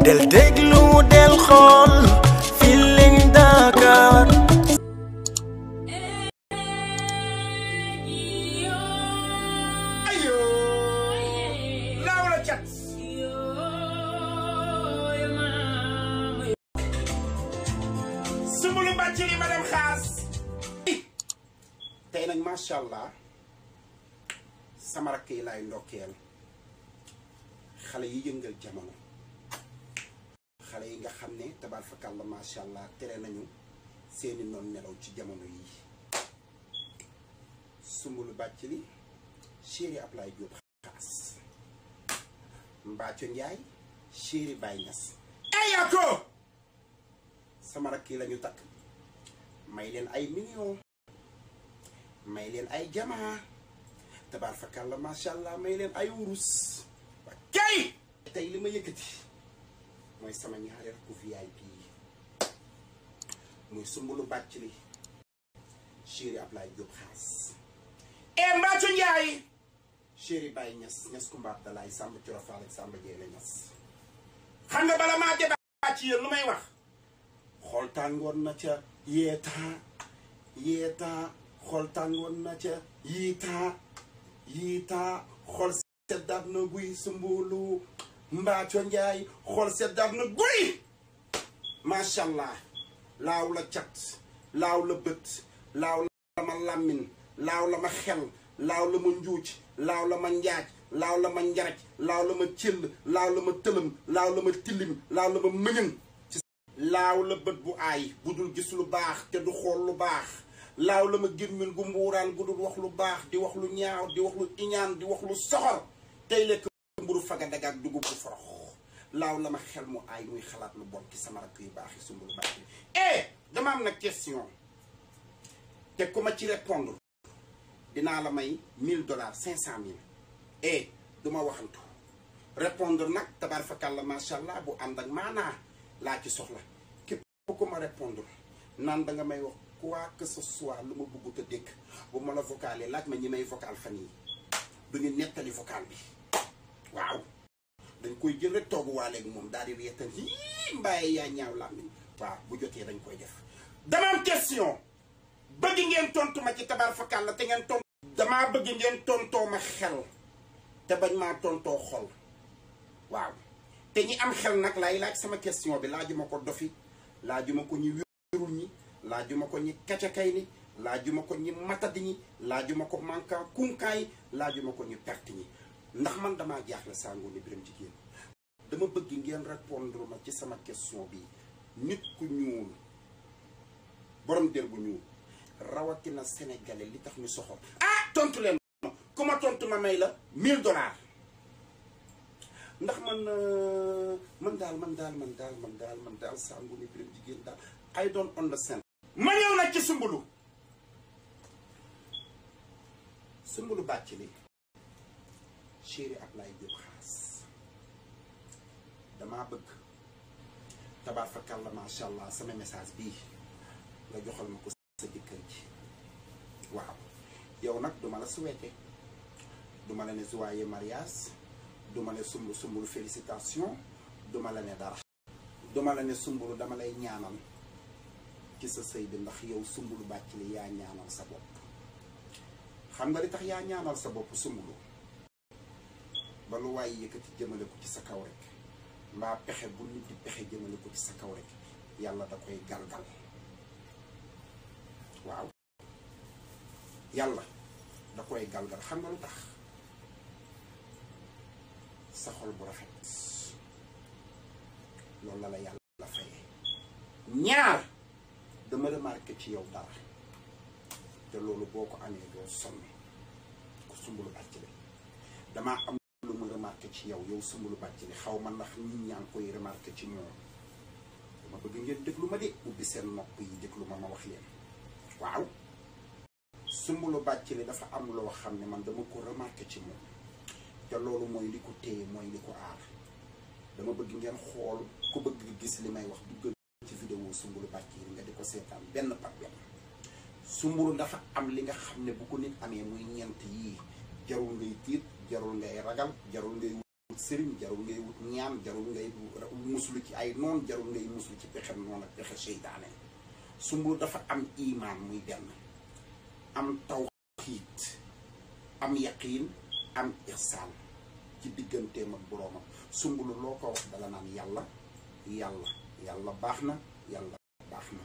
del déglu del xool Feeling Dakar ayo naaw la cat sumulu bàcc yi Xaas tey nag macha allah sama xale yi yëngal jamono xale yi nga xam ne tabaar fakal la macha allah tere nañu seeni noon nelaw ci jamono yi sumbulu bàcc li chéri Ablaye Diop xaas Mbacco Ndiaye chéri Baye Niass eyako sama rakk yi lañu takk may leen ay million may leen ay jamaa tabaar fakal la macha allah may leen ay wurus kay tey li ma yëkkati mooy sama ñaareel ku VIP yi muy sumbulu bàcc li chéri Ablaye Diop xaas e eh, Mbacu Njaay chéri Baye Ñas Ñas Kumba Abdalaay Samba Coro Faal ak Samba Ñas xam nga bala maa débat ci yéen lu may wax xool tàngoon na ca yeetaa yeetaa xool tàngoon na ca yiitaa yiitaa xool seddaat na guy sumbulu mbaaco njaay xool seddaat na guy macha laaw la cat laaw la bët laaw la ma làmmin laaw la ma xel laaw la ma njuuj laaw la ma njaaj laaw la ma njaraj laaw la ma cëll laaw la ma tëlëm laaw la ma tilim laaw la ma mëñën laaw la bët bu aay bu dul gis lu baax te du xool lu baax laaw la ma gémmiñ gu mbuuraan gu dul wax lu baax di wax lu ñaaw di wax lu iñaan di wax lu soxor day lekk mburu fagadaga ak dugub bu forox laaw la ma xel mu aay xalaat lu bon ci sama rakk baax yi sumbulu baax eh, nag question te ku ma ci la may mille dollars cinq cent mille eh du ma waxantu répondre nag macha allah bu ànd ak maanaa laa ci soxla képp ko ma répondre naan da nga may wax quoi que ce soit lu ma bëggut a dégg bu ma la vocalee laaj ma ñi may vocal fan yi du ñu nettali vocal bi waaw dañ koy jël rek toogu waale moom daal di weetal hii mbaaye yaa ñaaw làmmiñ waaw bu jotee dañ koy def dama am question bëgg ngeen tontuma ci tabaar fakal la te ngeen tontu damaa bëgg ngeen tontoo ma xel te bañ maa tontoo xol waaw te ñi am xel nag laay laaj sama question bi laajuma ko dofi laajuma ko ñi wérul ñi laajuma ko ñi kacakay ni laajuma ko ñi matadi ñi laajuma ko manka kunkaay laajuma ko ñi perti ñi ndax man dama jaaxle sàngoo ni biram jigéen dama bëgg ngeen répondre ma ci sama question bi nit ku ñuul borom der bu ñuul rawatina sénégalais li tax ñu soxor ah tontu leen ma ku ma tontu ma may la 1000 dollars ndax man euh, man daal man daal man daal man daal man daal sàngoo biram jigéen daal I don't understand ma ñëw nag ci sumbulu sumbulu bàcc li chéri Ablaye Diop xaas damaa bëgg tabaar fakal la macha allah sama message bii nga joxal ma ko sa jëkkër ji waaw yow nag duma la souhaité duma la ne joyeux mariage duma ne sumbul sumbul félicitation duma la ne dara duma la ne sumbulu dama lay ñaanal ci sa sëy bi ndax yow sumbulu bàcc li yaa ñaanal sa bopp xam nga li tax yaa ñaanal sa bopp sumbulu ba lu waay yëkkati jëmale ko ci sa kaw rek mbaa pexe bu nit di pexe jëmale ko ci sa kaw rek yàlla da koy galgal waaw yàlla da koy galgal xam nga lu tax sa xol bu rafet loolu la la yàlla ñaar dama remarqué ci yow dara te loolu boo ko amee doo sonn ko sumbulu bàcc la damaa am ci yow yow Soumboulou Bathily xaw ma ndax nit ñaa ngi koy remarqué ci ñoom dama bëgg ngeen déglu ma de ubbi seen nopp yi déglu ma ma wax leen waaw bàcc li dafa am loo xam ne man dama ko remarqué ci moom te loolu mooy li ko téye mooy li ko aar dama bëgg ngeen xool ku bëgg gis li may wax duggal ci vidéo Soumboulou Bathily nga di ko seetaan benn par benn Soumboulou dafa am li nga xam ne bu ko nit amee muy ñeent yii jarul ngay tiit jarul ngay ragal jarul wut sëriñ jarul ngay wut ñaan jarul ngay muslu ci ay noon jarul ngay muslu ci pexe noon ak pexe seytaane sumbu dafa am imaan muy benn am tawxiit am yaqiin am ixsaan ci digganteem ak boroomam sumbulu loo ko wax dala naan yàlla yàlla yàlla baax na yàlla baax na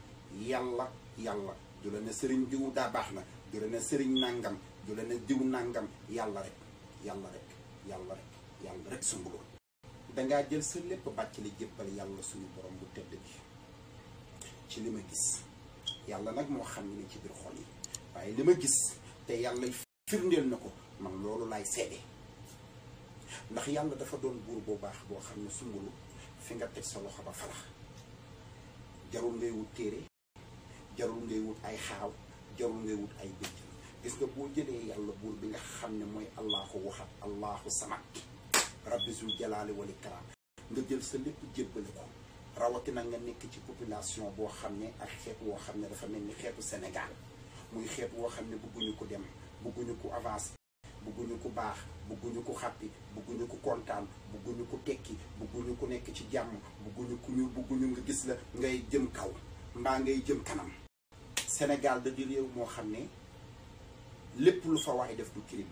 yàlla yàlla du la ne sëriñ diw daa baax na du la ne sëriñ nàngam du la ne diw nàngam yàlla rek yàlla rek yàlla rek yàlla rek sumb ko dangaa jël sa lépp bàcc li jébbal yàlla suñu borom bu tëdd bi ci li ma gis yàlla nag moo xam ne ci biir xol yi waaye li ma gis te yàlla firndeel na ko man loolu laay seede ndax yàlla dafa doon buur bu baax boo xam ne sumbulu fi nga teg sa loxo ba falax jarul ngay wut téere jarul ngay wut ay xaaw jarul ngay wut ay bëj gis nga boo jëlee yàlla buur bi nga xam ne mooy allahu waxat allahu samat rabbi zul jalaale wal ikraam nga jël sa lépp jébbale ko rawatina nga nekk ci population boo xam ne ak xeet woo xam ne dafa mel ni xeetu Sénégal muy xeet woo xam ne bëgguñu ko dem bëgguñu ko avancé bëgguñu ku baax bëgguñu ko xàppi bëgguñu ko kontaan bëgguñu ko tekki bëgguñu ku nekk ci jàmm bëgguñu ku ñu bëgguñu nga gis la ngay jëm kaw mbaa ngay jëm kanam Sénégal da réew moo xam ne lépp lu fa waay def du crime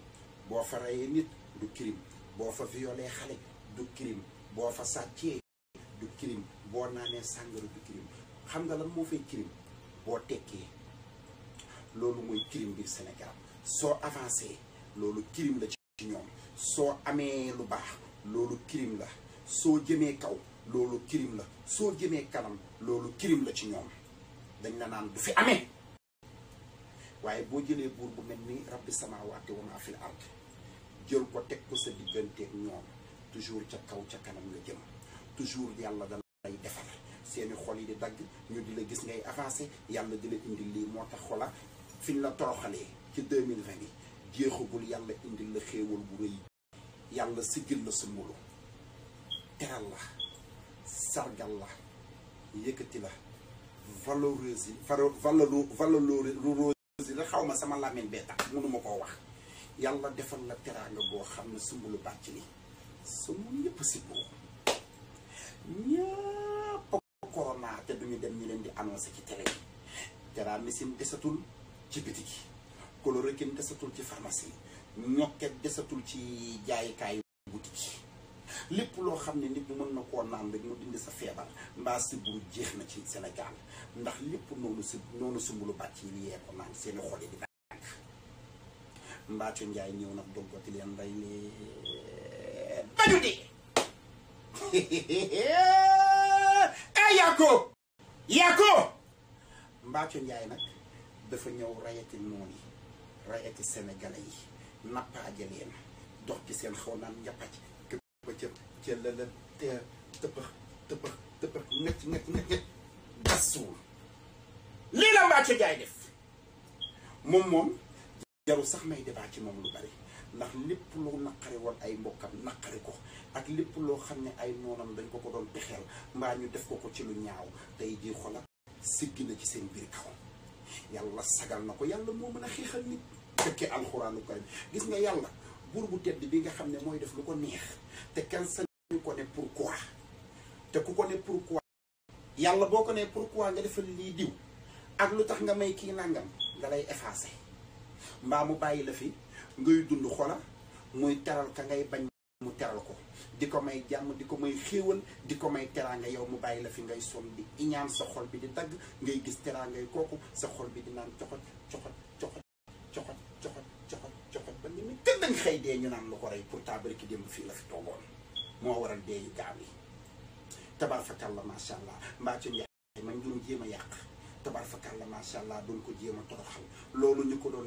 boo fa reyee nit du crime boo fa violee xale du crime boo fa sàccee du crime boo naanee sàngara du crime xam nga lan moo fay crime boo tekkee loolu mooy crime biir senegal soo avancé loolu crime la ci ñoom soo amee lu baax loolu crime la soo jëmee kaw loolu crime la soo jëmee kanam loolu kirim la ci ñoom dañ la naan du fi amee waaye boo jëlee buur bu mel ni rabbi sama wa maa fil ard jël ko teg ko sa digganteeg ñoom toujours ca kaw ca kanam nga jëm toujours yàlla dana lay defar seeni xol yi di dagg ñu di la gis ngay avancé yàlla di indi lii moo tax xola fiñ la toroxalee ci 2020 yi jéexagul yàlla indi la xéewal bu rëy yàlla siggil la sa mulu teral la sargal la yëkkati la valoriser valoriser la xaw ma sama làmmiñ bee tax mënuma koo wax yàlla defal la teraanga boo xam ne sumbulu bàcc li sumbulu yëpp si boobu ñëpp corona te duñu dem ñu leen di annoncé ci télé yi teraamisin desatul ci bitig yi chloroquine desatul ci pharmacie ñokket desatul ci jaayikaayu boutique yi lépp loo xam ne nit bu mën na koo naan rek mu dindi sa feebar mbaa sibbiru jeex na ci Sénégal ndax lépp noonu si noonu sumbulu bàcc yi li yee ko naan seeni xol yi di mbaacu njaay ñëw nag doggati leen nday baju eh, di ah eh, yaako yaako mbaacu njaay nag dafa ñëw rayati noon yi rayati sénégalais yi nappaaje leen dox ci seen xaw naan njapaj këpp ba cë cëlla la teer tëppax tëppax tëppax ngëcc lii la mbaacu njaay def moom moom jarul sax may débat ci moom lu bari ndax lépp lu naqari woon ay mbokkam naqari ko ak lépp loo xam ne ay noonam dañ ko ko doon pexeel mbaa ñu def ko ko ci lu ñaaw tey jii xoolal siggi na ci seen biir kaw yàlla sagal na ko yàlla moo mën a xeexal nit dëkkee alxuraanu karim gis nga yàlla buur bu tedd bi nga xam ne mooy def lu ko neex te kenn sañu ko ne pourquoi te ku ko ne pourquoi yàlla boo ko nee pour pourquoi nga defal lii diw ak lu tax nga may kii nangam nga lay effacé mbaa mu bàyyi la fi ngay dund xola muy teral ka ngay bañ mu teral ko di ko may jàmm di ko may xéewal di ko may teraanga yow mu bàyyi la fi ngay sonn di iñaan sa xol bi di dagg ngay gis teraangay kooku sa xol bi di naan coxot coxot coxot coxot coxot coxot ba ni mu tëdd dañ xëy dee ñu naan lu ko rey pourtant bari ki démb fii la fi toogoon moo waral dee yu gaaw yi tabaar fakal la allah mbaa ci njaay man jurum jéem a yàq tabarfakalla macha allah doon ko jéem a toroxal loolu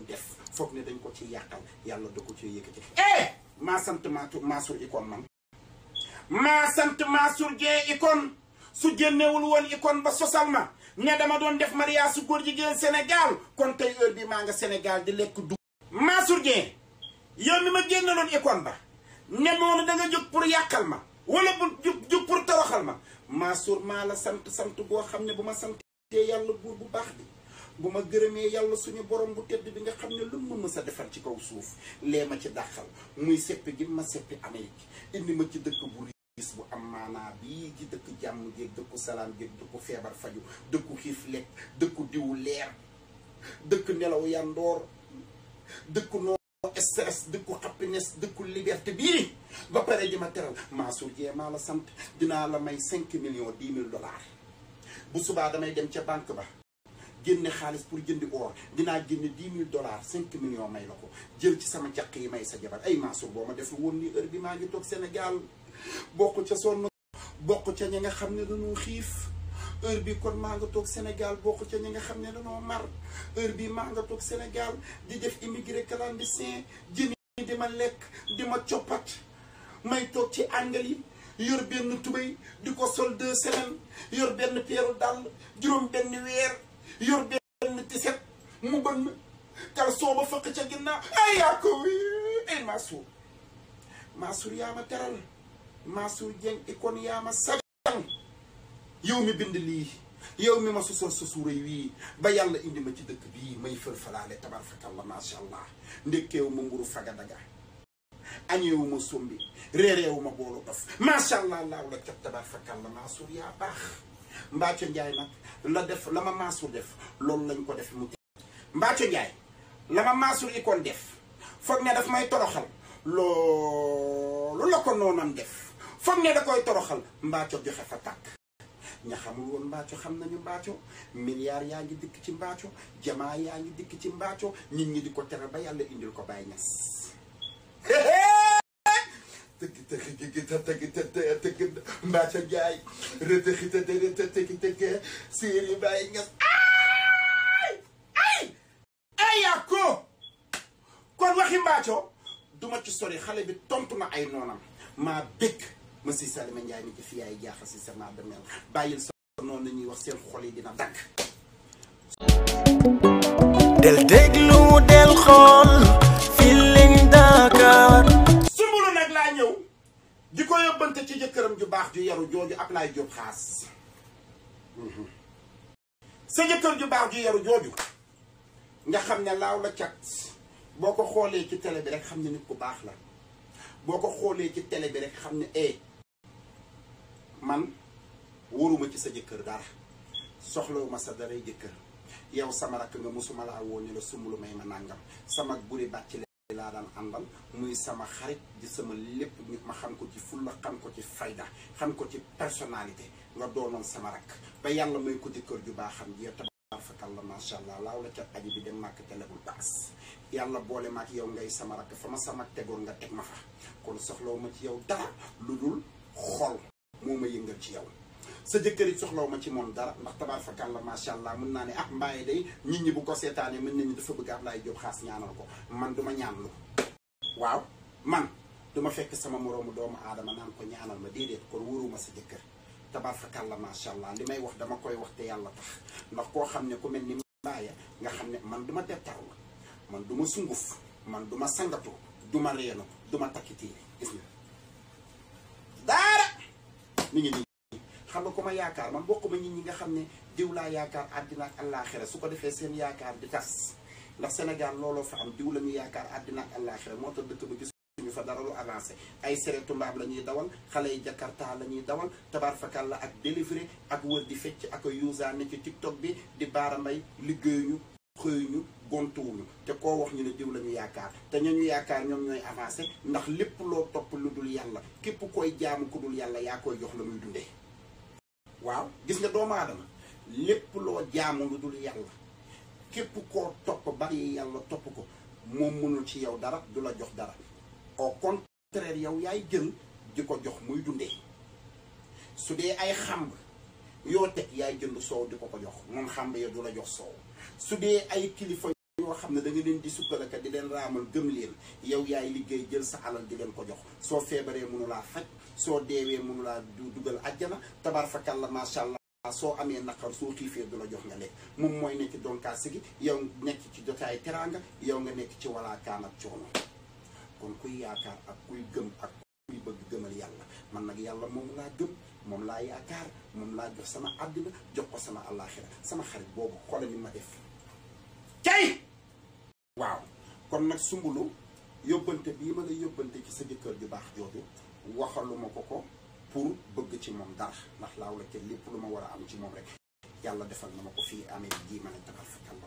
def foog ne dañ ko ci yàqal yàlla da ko ci yëkkati eh maa sant Mansour Icon man génnewul woon Icon ba sosal ma ne dama doon def mariage su góor jigéen Sénégal kon tey bi maa nga Sénégal di lekk dugub Mansour yow mi ma génnaloon Icon ba ne noonu da nga pour yàqal ma wala bu jóg pour toroxal ma Mansour maa la sant sant boo xam ne bu ma sant te yàlla buur bu baax bi bu ma gërëmee yàlla suñu borom bu tedd bi nga xam ne lu mu mës defar ci kaw suuf lee ma ci dàqal muy seppi gin ma seppi Amérique indi ma ci dëkk bu riis bu am maanaa bii di dëkk jàmm jéeg dëkku salaam jéeg dëkku feebar faju dëkku xiif lekk dëkku diwu leer dëkk nelaw yandoor dëkku noo stress dëkku happiness dëkku liberté bii ba pare di ma teral maa surjee maa la sant dinaa la may cinq millions dix mille dollars bu subaa damay dem ca banque ba génne xaalis pour jëndi or dinaa génne dix mille dollars cinq millions may la ko jël ci sama caq yi may sa jabar ay Mansour boo ma def woon ni heure bi maa ngi toog Sénégal bokk ca sonn bokk ca ña nga xam ne dañoo xiif heure bi kon maa nga toog Sénégal bokk ca ñi nga xam ne dañoo mar heure bi maa nga toog Sénégal di def immigré clandestin jëni di ma lekk di ma coppat may toog ci àngal yi yor benn tubéy di ko sol deux semaines yor benn peeru dàll juróom benn weer yor benn tiset mu bënn caleçon ba fëq ca ginnaaw ay yaa ko ay Mansour Mansour yaa ma teral Mansour Dieng Akon yaa ma sagal yow mi bind lii yow mi ma susal sa suura wii ba yàlla indi ma ci dëkk bii may fër falaale tabaraka allah macha allah ndekkeew ma mburu faga daga añeewuma sombi réereewuma boolu dof macha allah laaw la cat tabar fakkal la maasuur yaa baax mbaaco njaay nag la def la ma maasuur def loolu lañ ko def mu mbaaco njaay la ma maasuur ikoon def foog ne daf may toroxal loolu la ko noonam def foog ne da koy toroxal mbaaco joxe fa takk ña xamul woon mbaaco xam nañu mbaaco milliards yaa ngi dikk ci mbaaco jamaa yaa ngi dikk ci mbaaco nit ñi di ko tere ba yàlla indil ko bàyyi ñas tëggi tëggi jigi ta tëggi tëdde tëggi mbaaca jaay rëtëxi tëddëre të tëggi tëgge séeri mbaayi nges ay ay aya kon waxi mbaaco duma ci sori xale bi tontu na ay noonam ma bëgg ma si Salima Ndiaye mi ci fi ay jaaxa si sama demel bàyyil so noonu la ñuy wax seen xol yi dina dakk del déglu del xool di ko yóbbante ci jëkkëram ju baax ju yaru jooju ab Ablaye Diop xaas mhm. sa jëkkër ju baax ju yaru jooju nga xam ne laaw la cat boo ko xoolee ci tele bi rek xam ne nit ku baax la boo ko xoolee ci télé bi rek xam ne eh man wóoruma ci sa jëkkër dara soxlawuma sa daray jëkkër yow sama rakk nga musuma laa woo ne la sumb lu may ma nàngam sama buri bàcc laa daan àndal muy sama xarit di sama lépp nit ma xam ci fulla xam ko fayda xam ko ci personnalité nga doonoon sama rakk ba may ko ci kër ju baaxam ji tabaarfakal la macha allah laaw la ca aji bi de màkk te lebul baas yàlla boole ma ak yow ngay sama rakk fa ma sama tegoon nga teg ma fa kon soxlaw ma ci yow dara lu xol moo ma yëngal ci yow sa jëkkër it soxlaw ma ci moom dara ndax tabaar fakal la macha allah mën naa ne ah mbaaye day nit ñi bu ko seetaane mën nañu dafa bëgg Ablaye Diop xaas ñaanal ko man du ma ñaanlu waaw man du ma fekk sama moroomu doomu aadama naan ko ñaanal ma déedéet kon wóoruma sa jëkkër tabaar fakal la macha allah li may wax dama koy wax te yàlla tax ndax koo xam ne ku mel ni mbaaye nga xam ne man du ma tettaru man du ma sunguf man du ma sangatu du ma reenu du ma daara mi ngi nii xam nga ku ma yaakaar man bokkuma nit ñi nga xam ne diw laa yaakaar àddina ak àllaaxira su ko defee seen yaakaar di tas ndax Sénégal looloo fa am diw la ñu yaakaar àddina ak àllaaxira moo tax dëkk ba gis ñu fa dara lu avancé ay seretu mbaam la ñuy dawal xale yi jakarta la ñuy dawal tabarfakal la ak délivré ak wër di fecc ak usa ne ci tiktok bi di baara mbay liggéeyuñu xëyuñu gontuwuñu te ko wax ñu ne diw la ñu yaakaar te ñoo ñu yaakaar ñoom ñooy avancé ndax lépp loo topp lu dul yàlla képp koy jaamu ku yàlla yaa koy jox la muy dundee waaw gis nga doomu aadama lépp loo jaamu lu dul yàlla képp koo topp bari yàlla topp ko moom mënul ci yow dara du la jox dara au contraire yow yaay jël di ko jox muy dundee su dee ay xamb yoo teg yaay jënd soow di ko ko jox moom xàmb ya du la jox soow su dee ay kilifa ñoo xam ne da leen di sukkalaka di leen raamal gëm leen yow yaay liggéey jël sa alal di leen ko jox soo feebaree mënu laa faj soo deewee mënu laa dugal àjjana tabar fakal la macha allah. soo amee naqar soo xiifee du la jox nga lekk moom mooy nekk donkaasi gi yow nekk ci jotaay teraanga yow nga nekk ci walaakaan ak coono kon kuy yaakaar ak kuy gëm ak kuy bëgg gëmal yàlla man nag yàlla moom laa gëm moom laa yaakaar moom laa jox sama àddina jox ko sama àllaaxira sama xarit boobu xoola ni ma def cay waaw kon nag sumbulu yóbbante bii ma la yóbbante ci sa jëkkër ju baax jooju waxaluma ko ko pour bëgg ci moom dara ndax laaw la te lépp lu ma war a am ci moom rek yàlla defal na ma ko fii amee jii ma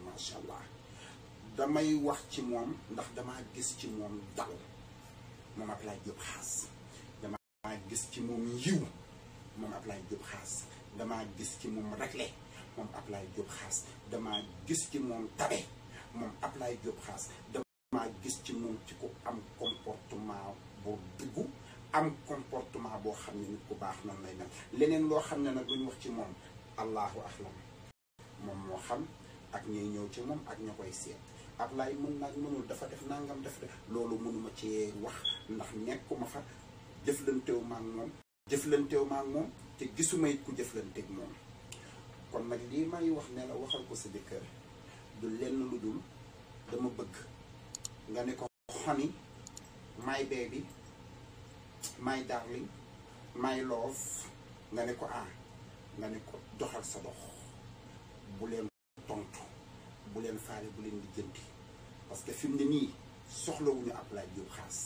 macha allah damay wax ci moom ndax damaa gis ci moom dal moom Ablaye Diop Xaas damaa gis ci moom yiw moom Ablaye Diop Xaas dama gis ci moom réglé moom Ablaye Diop Xaas damaa gis ci moom tabe moom Ablaye Diop Xaas dama gis ci moom ci ku am comportement bu dugg am comportement boo xam ne nit ku baax noonu lay mel leneen loo xam ne nag lu wax ci moom allahu ahlam moom moo xam ak ñuy ñëw ci moom ak ña koy seet Ablaye mën naa mënul dafa def nangam def de loolu mënuma ci wax ndax nekkuma fa jëflantewu ma ak moom jëflantewu ma ak moom te gisuma it ku jëflanteeg moom kon nag lii may wax ne waxal ko sa jëkkër du lenn lu dul dama bëgg nga ne ko honey my baby my darling my love nga ne ko ah nga ne ko doxal sa dox bu leen tontu bu leen faale bu leen lijjanti parce que fi mu ne nii soxlawuñu ab laaj yow xaas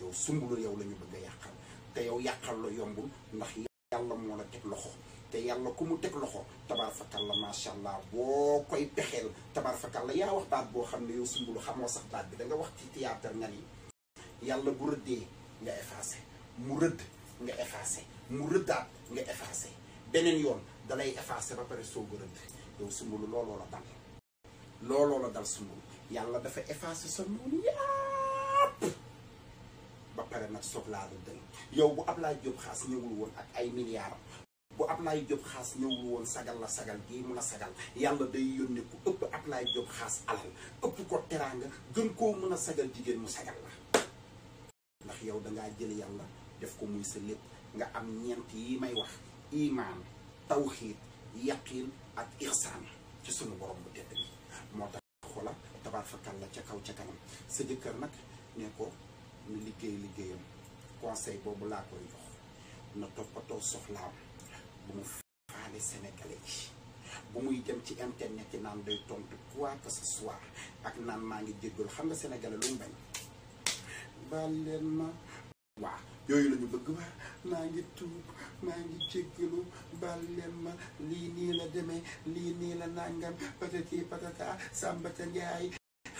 yow sumbulu yow la ñu bëgg a yàqal te yow yàqal la yombul ndax yàlla moo la teg loxo te yàlla ku mu teg loxo tabaar la macha allah boo koy pexeel tabaar fakal la yaa wax baat boo xam ne yow sumbulu xamoo sax baat bi da nga wax ci théâtre nga ni yàlla bu rëddee nga effacé mu rëdd nga effacé mu rëddaat nga effacé beneen yoon dalay effacé ba pare soog a rëdd yow sumbulu looloo la dal looloo la dal sumbulu yàlla dafa effacé sa noonu yàpp ba pare nag soog laa rëddal yow bu Ablaye Diop xaas ñëwul woon ak ay milliards bu Ablaye Diop xaas ñëwul woon sagal la sagal gi mu la sagal yàlla day yónne ëpp Ablaye Diop xaas alal ëpp ko teraanga gën koo mën a sagal jigéen mu sagal la ndax yow dangaa jël yàlla def ko muy sa lépp nga am ñeent yi may wax imaan tawxiid yaqiin ak ihsaan ci sunu borom bu tedd bi moo tax xoola tabaar fakal la ca kaw ca kanam sa jëkkër nag ne ko mu liggéey liggéeyam conseil boobu laa koy jox na toppatoo soxlaam bu mu faale sénégalais yi bu muy dem ci internet yi naan day tontu quoi que ak naan maa ngi jéggalu xam nga sénégalais lu bañ baal ma waa yooyu la bëgg waa maa ngi tuub maa ngi jéggalu baal ma lii nii la demee lii nii la nàngam patati patata sàmbata njaay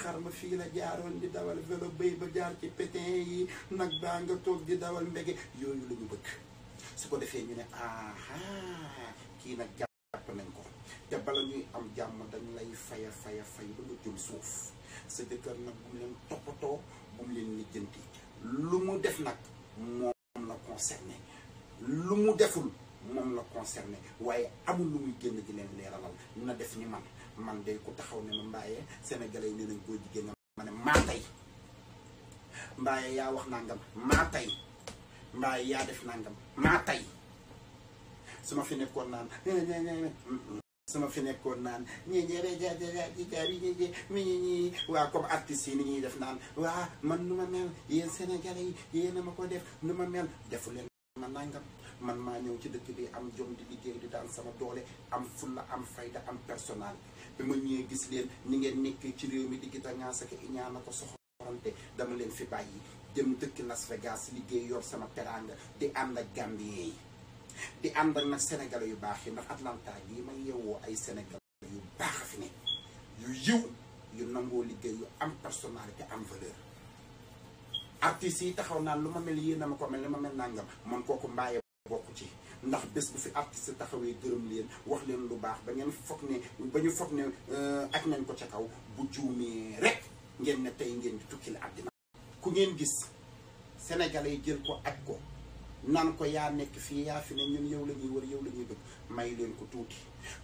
xar ma fii la jaaroon di dawal vélo béy ba jaar ci pétin yi nag baa nga toog di dawal mbége yooyu la ñu bëgg su ko defee ñu ne aha kii nag jàpp nañ ko te bala ñuy am jàmm dañ lay faya faya fay ba nga jëm suuf sa jëkkër nag bu mu leen toppatoo bu mu leen lijjanti lu mu def nag moom la concerné lu mu deful moom la concerné waaye amul lu muy génn di leen leeralal na def ni man man de ku taxaw ne ma mbaaye sénégalais yi nee nañ koo jigéen ma ne maa tey yaa wax naa nga maa tey mbaa yaa def nangam maa tay su ma fi nekkoon naan su ma fi nekkoon naan ñi ñi mi ñi ñi waa comme artistes yi ni ñuy def naan waa man nu ma mel yéen Sénégalais yi yéen ma ko def nu ma mel defu leen ma nangam man maa ñëw ci dëkk bi am jom di liggéey di daan sama doole am fulla am fayda am personnel dama ñëwee gis leen ni ngeen nekk ci réew mi di gita ngaasake i ñaa na ko soxorante dama leen fi bàyyi dem dëkk Las Vegas liggéey yor sama teranga di ànd ak Gambien yi di ànd ak nag sénégalais yu baax yi ndax Atlanta yi may yeewoo ay sénégalais yu baax fi ne yu yiw yu nangoo liggéey yu am personnalité am valeur artistes yi taxaw naan lu ma mel yéen a ma ko mel ni ma mel nangam man kooku mbaaye bokk ci ndax bés bu fi artiste taxawee gërëm leen wax leen lu baax ba ngeen foog ne ba ñu foog ne euh, ak nañ ko ca kaw bu juumee rek ngeen ne tey ngeen di tukki la àddina ngeen gis sénégalais yi jël ko ak ko nan ko yaa nekk fii yaa fi ne ñun yow la ñuy wër yow la ñuy bëgg may leen ko tuuti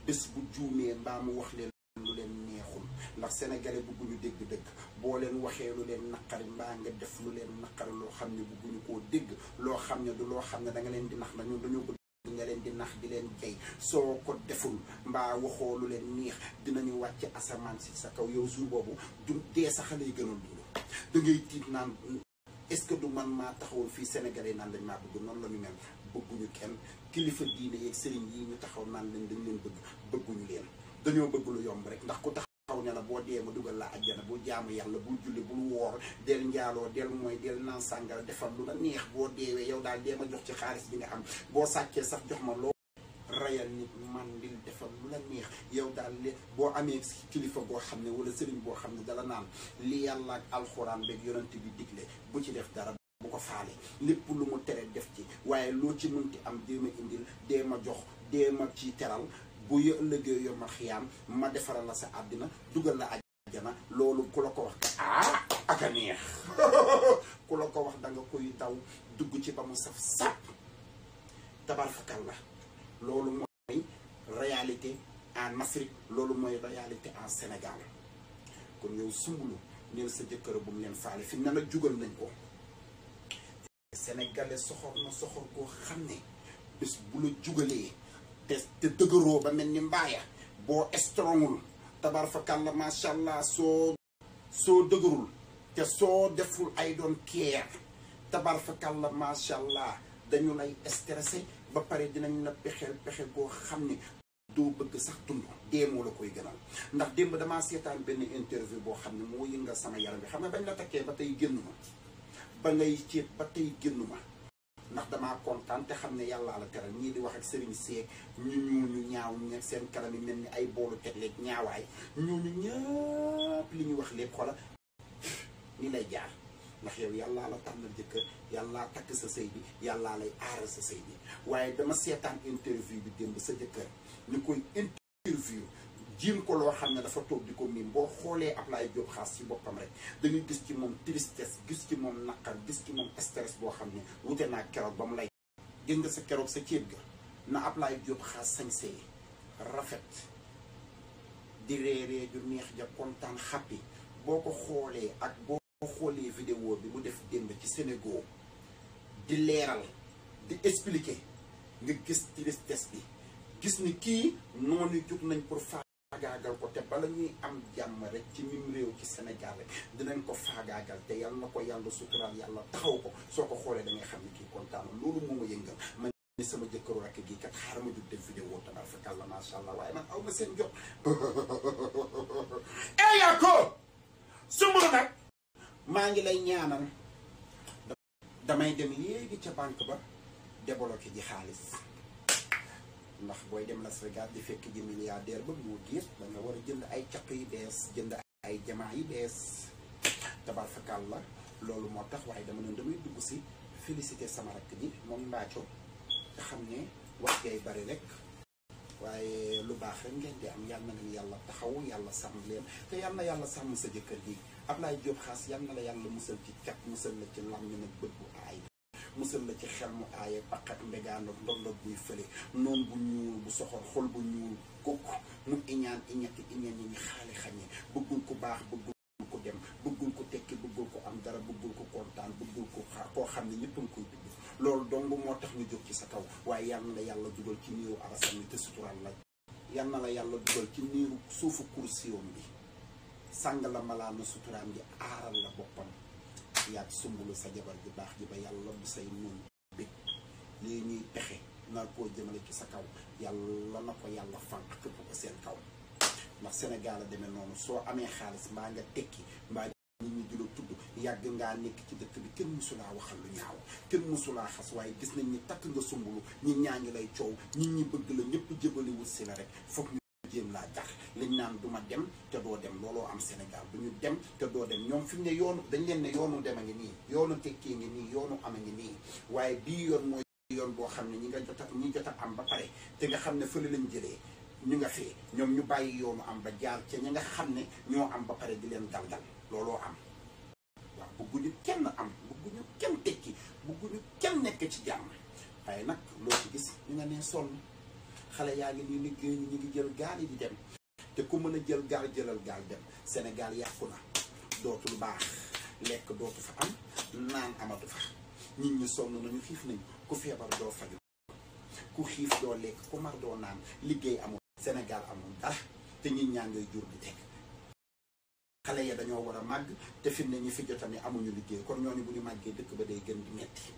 bés bu juumee mbaa mu wax leen lu leen neexul ndax sénégalais bëgguñu dégg dëgg boo leen waxee lu leen naqari mbaa nga def lu leen naqari loo xam ne bëgguñu koo dégg loo xam ne du loo xam ne da leen di nax ndax ñun dañoo bëgg nga leen di nax di leen jay soo ko deful mbaa waxoo lu leen neex dinañu wàcc asamaan si sa kaw yow suur boobu dee sax lay gënoon da ngay tiit naan est-ce que du man maa taxawal fii Sénégalais naan lañ maa bëgg noonu la ñu mel bëgguñu kenn kilifa diine yeeg sëriñ yi ñu taxaw naan lañ dañu leen bëgg bëgguñu leen dañoo bëgg lu yomb rek ndax ku tax taxaw ne la boo dee ma dugal la ajjana boo jaamu yàlla bul julli bul woor del njaaloo del mooy del naan sàngara defal lu la neex boo deewee yow daal dee ma jox ci xaalis bi nga am boo sàccee sax jox ma loo rayal nit màndil defal lu la neex yow daal li boo amee kilifa goo xam ne wala sëriñ boo xam ne dala naan li yàlla ak alxuraan beeg yonent bi digle bu ci def dara bu ko faale lépp lu mu tere def ci waaye loo ci munti am dee ma indil dee ma jox dee ma ci teral bu yo ëllëgee yo ma xiyaam ma defaral la sa àddina dugal la ajjana loolu ku la ko wax ah, ak a neex ku la ko wax da koy daw dugg ci ba mu saf sàpp tabar la loolu mooy réalité en Afrique loolu mooy réalité en Sénégal kon yow sumbulu neen sa jëkkër bu mu leen faale fi na nag jugal nañ ko sénégalais soxor na soxor koo xam ne bés bu la jugalee te te dëgëroo ba mel ni mbaaya boo strongul tabar fakàlla macha allah soo soo dëgërul te soo deful ay doon keer tabar fakàlla macha allah dañu lay stressé ba pare dinañ la pexeel pexe boo xam ne doo bëgg sax dund dee moo la koy gënal ndax démb damaa seetaan benn interview boo xam ne moo yëngal sama yaram bi xam nga bañ la takkee ba tey génn ma ngay ceeb ba tey génn ndax damaa kontaan te xam ne yàllaa la teral ñii di wax ak sëriñ seeg ñu ñu ñaaw ñu seen kanam yi mel ni ay boolu tegleeg ñaawaay ñu ñu ñëpp li ñu wax lépp xoola ni lay jaar ndax yow yàllaa la tànnal jëkkër yàllaa takk sa sëy bi yàllaa lay aara sa sëy bi waaye dama seetaan interview bi démb sa jëkkër ñu koy interview jiim ko loo xam ne dafa toog di ko miin boo xoolee Ablaye Diop Xaas ci boppam rek dañuy gis ci moom tristesse gis ci moom naqar gis ci moom stress boo xam ne wute naa keroog ba mu lay gis sa keroog sa ceeb ga na Ablaye Diop Xaas sañsee rafet di reeree ju neex ja kontaan xàppi boo ko xoolee ak boo xoolee vidéo bi mu def démb ci Sénégal di leeral di expliquer nga gis tristesse bi gis ni kii noonu jóg nañ pour faagaagal ko te bala ñuy am jàmm rek ci mim réew ci Sénégal rek dinañ ko faagaagal te yàlla na ko yàlla suturaal yàlla taxaw ko soo ko xoolee da xam ni kii kontaan loolu moo ma yëngal man ni sama jëkkëru rakk gi kat xaaral ma jóg def vidéo tabar fa kàlla macha allah waaye man aw ma seen jot eyaa eh, ko sumb nag maa ngi lay ñaanal damay dem léegi ca banque ba débloqué ji xaalis ndax booy dem Las Vegas di fekk ji milliardaire ba mu géer da nga war a jënd ay caq yu bees jënd ay jamaa yu bees tabarfakal la loolu moo tax waaye dama ne damay dugg si félicité sama rakk ji moom mbaaco nga xam ne wax ngay bari rek waaye lu baax rek ngeen di am yal na leen yàlla taxaw yàlla sàmm leen te yal na yàlla sàmm sa jëkkër ji Ablaye Diop xaas yal na la yàlla musal ci cat musal la ci làmmiñ ak bët musal la ci xel mu aaye paqat mbegaandoog ndondog buy fële noon bu ñuul bu soxor xol bu ñuul kukk mu iñaan iñetti iñaan yi ñu xaali xañe bëggul ku baax bëggul ko dem bëggul ko tekki bëggul ko am dara bëggul ko kontaan bëggul ko xam ne ñëpp nga koy dugg loolu dong moo tax ñu jóg ci sa kaw waaye yal na la yàlla dugal ci niiru arasam yi te sutural la yal na la yàlla dugal ci niiru suufu kursiyoom bi sàng la malaan suturaam bi aaral la boppam yaag sumbulu sa jabar ju baax ji ba yàlla bu say noon bi lii ñuy pexe nar koo jëmale ci sa kaw yàlla na ko yàlla fànq këpp ko seen kaw ndax Sénégal a demee noonu soo amee xaalis mbaa nga tekki mbaa nit ñi di tudd yàgg ngaa nekk ci dëkk bi kenn mësulaa waxal lu ñaaw kenn mësulaa xas waaye gis nañ ni takk nga sumbulu ñi ñaa lay coow nit ñi bëgg la ñëpp jëbaliwul si la rek foog jéem laa jax liñ naan du ma dem te doo dem looloo am senegaal bu ñu dem te doo dem ñoom fi mu ne yoonu dañ leen ne yoonu dem a ngi nii yoonu tekkee ngi nii yoonu am a ngi nii waaye bii yoon mooy yoon boo xam ne ñi nga jot a ñi jot am ba pare te nga xam ne fële lañ jëlee ñu nga fee ñoom ñu bàyyi yoonu am ba jaar ca ñi nga xam ne ñoo am ba pare di leen daldal looloo am waaw bëgguñu kenn am bëgguñu kenn tekki bëgguñu kenn nekk ci jàmm waaye nag loo ci gis ñu nga nee sonn xale yaa ngi liggéey ñu ngi jël gaal yi di dem te ku mën a jël gaal jëlal gaal dem Sénégal yàqu na dootul baax lekk dootu fa am naan amatu fa nit ñi sonn nañu xiif nañu ku feebar doo faju ku xiif doo lekk ku mar doo naan liggéey amul senegal amul dara te nit ñaa ngay jur di teg xale ya dañoo war a màgg te fi mu ne fi jota ne amuñu liggéey kon ñooñu bu ñu màggee dëkk ba day gën di metti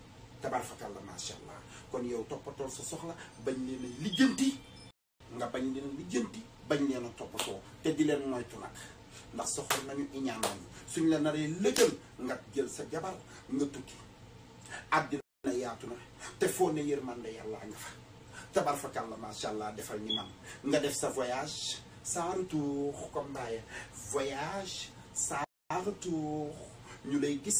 tabaar la macha allah kon yow toppatool sa soxla bañ leen a lijjanti nga bañ leen a lijjanti bañ leen toppatoo te di leen moytu nag ndax soxla nañu iñaan nañu suñ la naree lëjal nga jël sa jabar nga tukki àddina yaatu na te foo ne yërmande yàllaa nga fa tabaar la macha allah defal ni man nga def sa voyage sans retour comme Mbaye voyage sans retour. ñu lay gis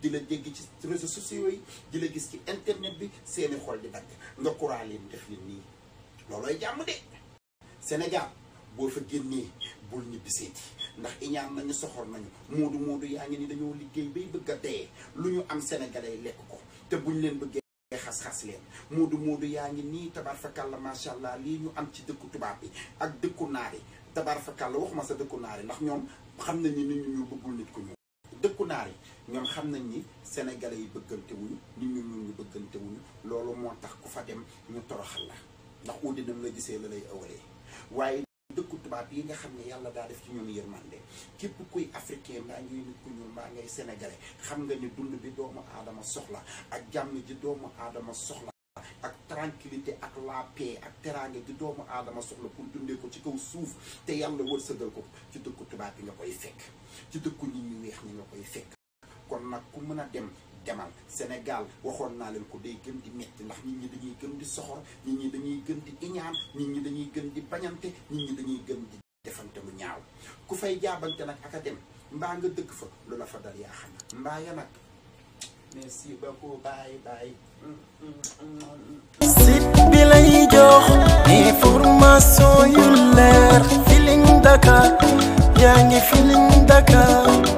di la jéggi ci réseaux sociaux yi di la gis ci internet bi seeni xool di dagg nga kuraa leen def leen nii loolooy jàmm de Sénégal boo fa génnee bul ñibbi seeti ndax iñaan nañu soxor nañu moodu moodu yaa ngi ni dañoo liggéey bay bëgg a dee lu ñu am sénégalais lekk ko te buñ leen bëggee xas-xas leen moodu moodu yaa ngi nii tabar fakàlla macha allah lii ñu am ci dëkku tubaab bi ak dëkku naari tabar fakàlla waxuma sa dëkku naari ndax ñoom xam nañu ni ñu dëkku naar yi ñoom xam nañ ni sénégalais yi bëggante wuñu nit ñu ñun ñu bëggante wuñu loolu moo tax ku fa dem ñu toroxal la ndax di nam la gisee la lay awalee waaye dëkku tubaab yi nga xam ne yàlla daa def ci ñoom yërmande képp kuy africain mbaa ngay nit ku ñuul mbaa ngay sénégalais xam nga ni dund bi doomu aadama soxla ak jàmm ji doomu aadama soxla tranquillité ak la ak teraange di doomu aadama soxla pour dundee ko ci kaw suuf te yàlla wërsëgal ko ci dëkku tubaab bi nga koy fekk ci dëkku nit ñu weex ñi nga koy fekk kon nag ku mën a dem demal Sénégal waxoon naa leen ko dee gën di metti ndax nit ñi dañuy gën di soxor nit ñi dañuy gën di iñaan nit ñi dañuy gën di bañante nit ñi dañuy gën di defante lu ñaaw ku fay jaabante nag ak a dem mbaa nga dëkk fa lu la fa dal yaa xam mbaa ya nag merci beaucoup bye jox information yu leer Feeling Dakar yaa ngi Feeling Dakar.